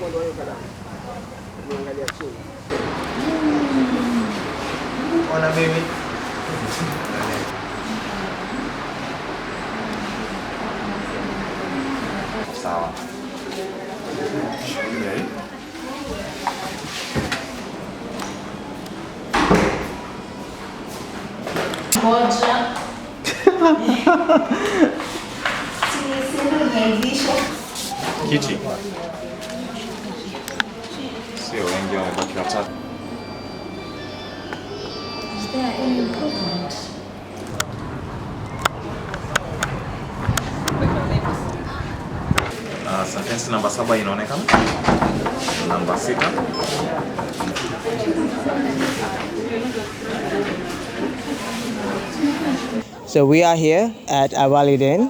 mwanzo wa hiyo kalamu unaangalia chini. Ona mimi sawa Kiti sio wengi wamebakiwa tatu. Uh, sentensi namba saba inaonekana, namba sita So we are here at Al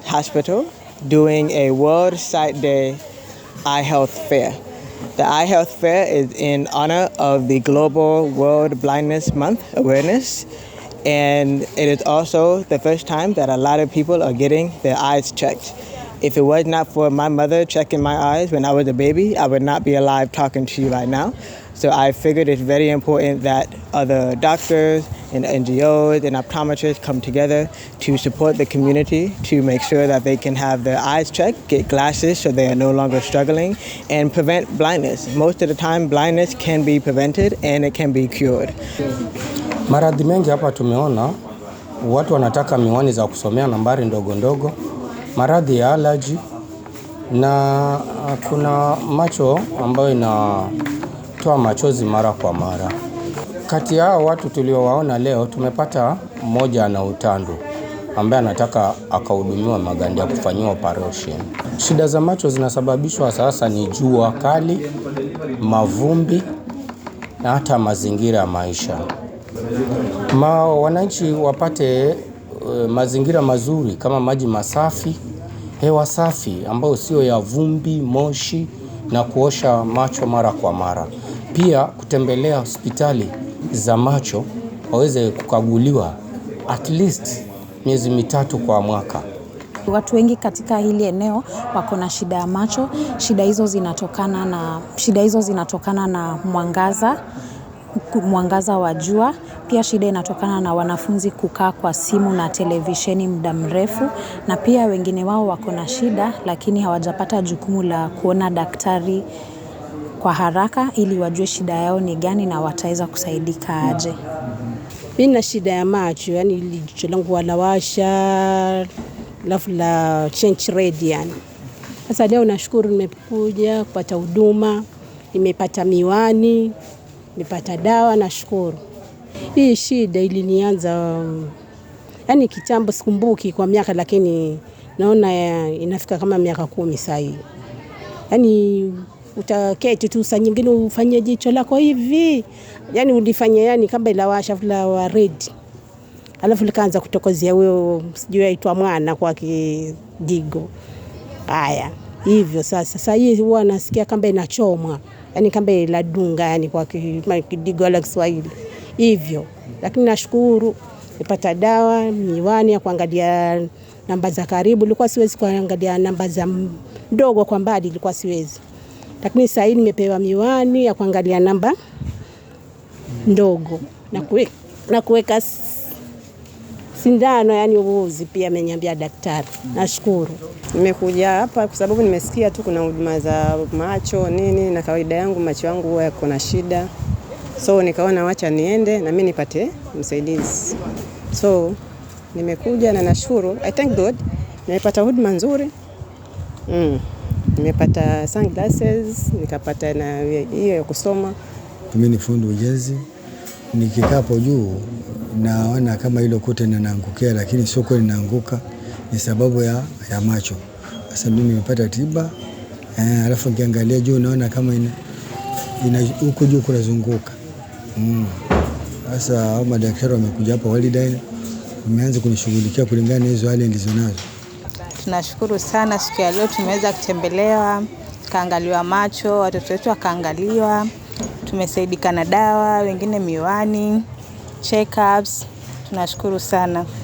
Hospital doing a World Sight Day Eye Health Fair. The Eye Health Fair is in honor of the Global World Blindness Month awareness. And it is also the first time that a lot of people are getting their eyes checked. If it was not for my mother checking my eyes when I was a baby, I would not be alive talking to you right now. So I figured it's very important that other doctors, and NGOs and optometrists come together to support the community to make sure that they can have their eyes checked, get glasses so they are no longer struggling, and prevent blindness. Most of the time, blindness can be prevented and it can be cured. Maradhi mengi hapa tumeona watu wanataka miwani za kusomea nambari ndogo ndogo, maradhi ya alaji na kuna macho ambayo inatoa machozi mara kwa mara. Kati ya hao watu tuliowaona leo, tumepata mmoja ana utando ambaye anataka akahudumiwa magandi ya kufanyiwa operation. Shida za macho zinasababishwa sasa ni jua kali, mavumbi na hata mazingira ya maisha. Ma wananchi wapate uh, mazingira mazuri kama maji masafi, hewa safi ambayo sio ya vumbi, moshi na kuosha macho mara kwa mara. Pia kutembelea hospitali za macho waweze kukaguliwa at least miezi mitatu kwa mwaka. Watu wengi katika hili eneo wako na shida ya macho. Shida hizo zinatokana na, shida hizo zinatokana na mwangaza mwangaza wa jua. Pia shida inatokana na wanafunzi kukaa kwa simu na televisheni muda mrefu, na pia wengine wao wako na shida lakini hawajapata jukumu la kuona daktari kwa haraka ili wajue shida yao ni gani na wataweza kusaidika aje. Mimi na shida ya macho, yani jicho langu walawasha, alafu la change red yani. Sasa leo nashukuru nimekuja kupata huduma, nimepata miwani, nimepata dawa, nashukuru. Hii shida ilinianza yani kitambo, sikumbuki kwa miaka, lakini naona inafika kama miaka kumi sasa yani utaketi tu, saa nyingine ufanye jicho lako hivi, yani ulifanya yani kama ilawasha wa red, alafu likaanza kutokozea huyo sijui aitwa mwana kwa kidigo. Haya, hivyo sasa. Sasa hii huwa nasikia kama inachomwa, yani kama iladunga, yani kwa kidigo la Kiswahili hivyo, lakini nashukuru nipata dawa, miwani ya kuangalia namba za karibu. Ilikuwa siwezi kuangalia namba za ndogo kwa mbali, ilikuwa siwezi lakini sasa hivi nimepewa miwani ya kuangalia namba ndogo na kuweka na kuweka sindano yani uuzi pia amenyambia daktari. Nashukuru nimekuja hapa kwa sababu nimesikia tu kuna huduma za macho nini, na kawaida yangu macho yangu huwa yako na shida, so nikaona wacha niende na mimi nipate msaidizi, so nimekuja na nashukuru, I thank God nimepata huduma nzuri mm. Nimepata sunglasses, nikapata na hiyo ya kusoma. Mimi ni fundi ujenzi, nikikapo juu naona kama hilo kote ninaangukia, lakini sio kweli naanguka, ni sababu ya, ya macho. Sasa mimi nimepata tiba eh, alafu nikiangalia juu naona kama huku juu kunazunguka mm. sasa. Mm, madaktari wamekuja hapa Walidayn, wameanza kunishughulikia kulingana na hizo hali nilizonazo. Tunashukuru sana siku ya leo tumeweza kutembelewa, kaangaliwa macho, watoto wetu wakaangaliwa, tumesaidika na dawa, wengine miwani, check ups. Tunashukuru sana.